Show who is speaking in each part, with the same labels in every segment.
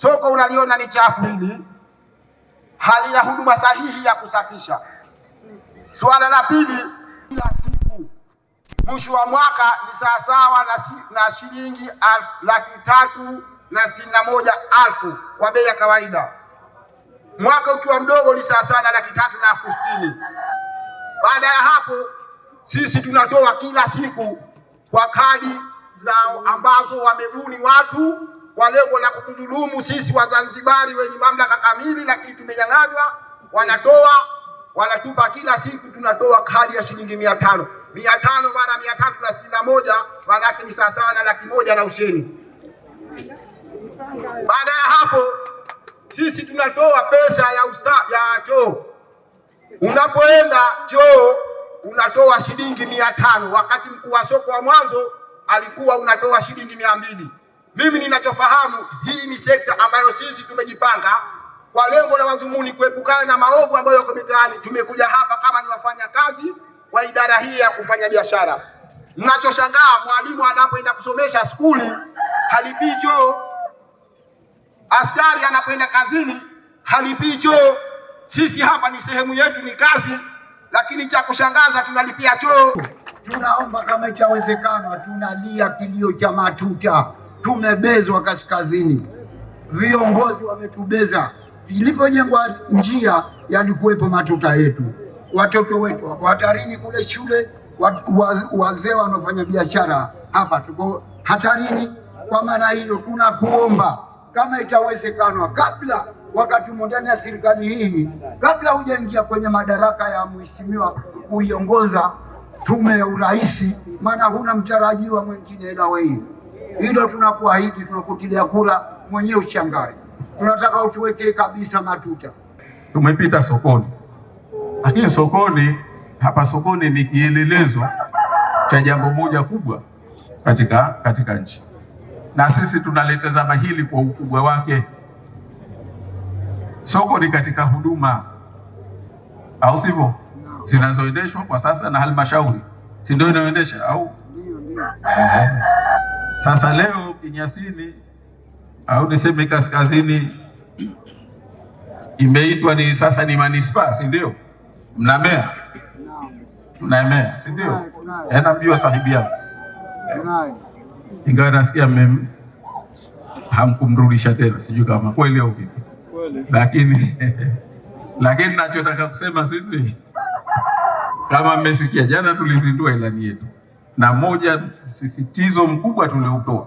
Speaker 1: Soko unaliona ni chafu hili, halina huduma sahihi ya kusafisha. Suala la pili, kila siku mwisho wa mwaka ni sawasawa na, si, na shilingi laki tatu na sitini na moja alfu kwa bei ya kawaida. Mwaka ukiwa mdogo ni sawasawa na laki tatu na elfu sitini. Baada ya hapo sisi tunatoa kila siku kwa kadi zao ambazo wamebuni watu kwa lengo la kutudhulumu sisi Wazanzibari wenye mamlaka kamili, lakini tumenyang'anywa. Wanatoa, wanatupa kila siku, tunatoa kadi ya shilingi mia tano mia tano mara mia tatu na sitini na moja maanake ni sawa na laki moja na usheni. Baada ya hapo, sisi tunatoa pesa ya usa, ya choo. Unapoenda choo unatoa shilingi mia tano wakati mkuu wa soko wa mwanzo alikuwa unatoa shilingi mia mbili mimi ninachofahamu hii ni sekta ambayo sisi tumejipanga kwa lengo la madhumuni kuepukana na maovu ambayo yako mitaani. Tumekuja hapa kama ni kazi wa idara hii ya kufanya biashara. Ninachoshangaa, mwalimu anapoenda kusomesha skuli halipii choo, askari anapoenda kazini halipii choo. Sisi hapa ni sehemu yetu, ni kazi, lakini cha kushangaza tunalipia choo.
Speaker 2: Tunaomba kama itawezekana, tunalia kilio cha matuta tumebezwa kaskazini, viongozi wametubeza. Ilipojengwa njia, yalikuwepo matuta yetu, watoto wetu wako hatarini kule shule, wazee wanaofanya biashara hapa tuko hatarini. Kwa maana hiyo, tunakuomba kama itawezekanwa kabla wakati umo ndani ya serikali hii, kabla hujaingia kwenye madaraka ya mheshimiwa kuiongoza tume ya urais, maana huna mtarajiwa mwingine ila wewe. Hilo tunakuahidi, tunakutilia kura, mwenyewe uchangae. Tunataka utuwekee kabisa matuta.
Speaker 3: Tumepita sokoni, lakini sokoni hapa, sokoni ni kielelezo cha jambo moja kubwa katika, katika nchi, na sisi tunalitazama hili kwa ukubwa wake. Soko ni katika huduma au sivyo zinazoendeshwa kwa sasa na halmashauri, si ndio inayoendesha au? Sasa leo Kinyasini au niseme Kaskazini imeitwa ni sasa ni manispaa, si ndio? Mna meya, mna meya, si ndio? Eh, namjua sahibi yao, ingawa nasikia mmem hamkumrudisha tena, sijui kama kweli au vipi, lakini lakini nachotaka kusema sisi, kama mmesikia jana, tulizindua ilani yetu na moja msisitizo mkubwa tuliotoa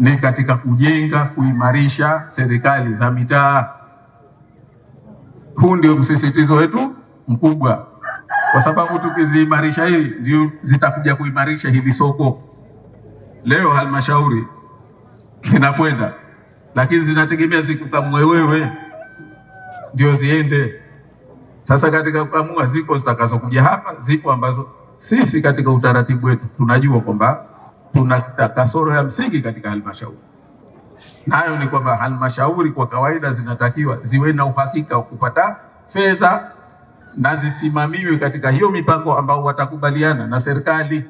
Speaker 3: ni katika kujenga kuimarisha serikali za mitaa. Huu ndio msisitizo wetu mkubwa, kwa sababu tukiziimarisha hii ndio zitakuja kuimarisha hili soko. Leo halmashauri zinakwenda, lakini zinategemea zikukamue wewe ndio ziende. Sasa katika kukamua, ziko zitakazokuja hapa, zipo ambazo sisi katika utaratibu wetu tunajua kwamba tuna kasoro ya msingi katika halmashauri, nayo ni kwamba halmashauri kwa kawaida zinatakiwa ziwe na uhakika wa kupata fedha na zisimamiwe katika hiyo mipango ambao watakubaliana na serikali.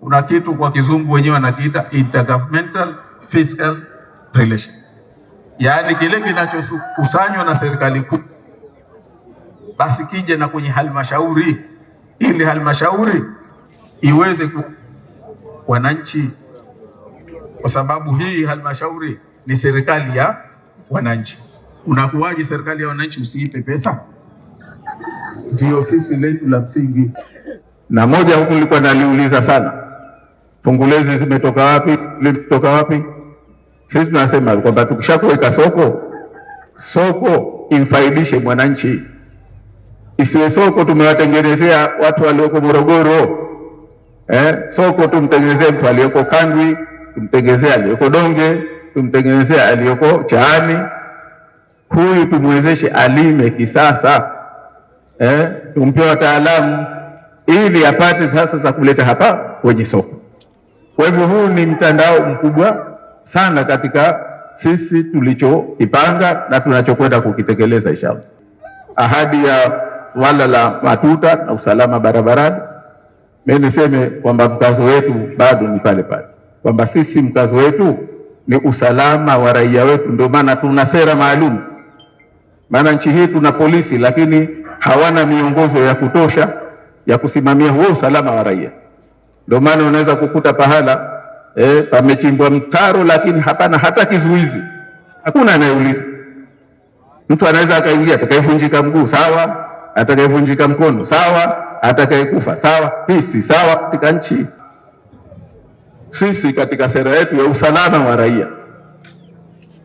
Speaker 3: Kuna kitu kwa kizungu wenyewe wanakiita intergovernmental fiscal relation, yaani kile kinachokusanywa na serikali kuu basi kije na kwenye halmashauri ili halmashauri iweze ku wananchi, kwa sababu hii halmashauri ni serikali ya wananchi. Unakuwaje serikali ya wananchi usiipe pesa? Ndio sisi letu la msingi. Na moja huku nilikuwa naliuliza sana, pungulezi zimetoka wapi? Zimetoka wapi? Sisi tunasema kwamba tukishakuweka soko, soko imfaidishe mwananchi isiwe soko tumewatengenezea watu walioko Morogoro eh, soko tumtengenezee mtu aliyoko Kandwi, tumtengenezee aliyoko Donge, tumtengenezee aliyoko Chaani. Huyu tumwezeshe alime kisasa eh, tumpe wataalamu ili apate sasa za kuleta hapa kwenye soko. Kwa hivyo huu ni mtandao mkubwa sana katika sisi tulichokipanga na tunachokwenda kukitekeleza inshallah. Ahadi ya wala la matuta na usalama barabarani. Mimi niseme kwamba mkazo wetu bado ni pale pale, kwamba sisi mkazo wetu ni usalama wa raia wetu. Ndio maana tuna sera maalum, maana nchi hii tuna polisi, lakini hawana miongozo ya kutosha ya kusimamia huo usalama wa raia. Ndio maana unaweza kukuta pahala eh, pamechimbwa mtaro, lakini hapana hata kizuizi, hakuna anayeuliza. Mtu anaweza akaingia, atakayevunjika mguu sawa atakayevunjika mkono sawa, atakayekufa sawa, pisi sawa katika nchi. Sisi katika sera yetu ya usalama wa raia,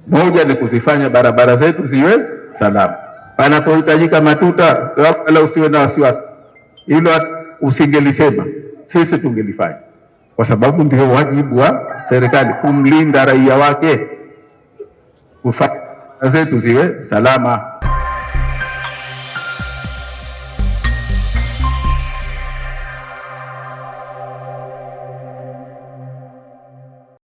Speaker 3: moja ni kuzifanya barabara zetu ziwe salama. Panapohitajika matuta, wala usiwe na wasiwasi, hilo usingelisema, sisi tungelifanya, kwa sababu ndio wajibu wa serikali kumlinda raia wake, kufanya zetu ziwe salama.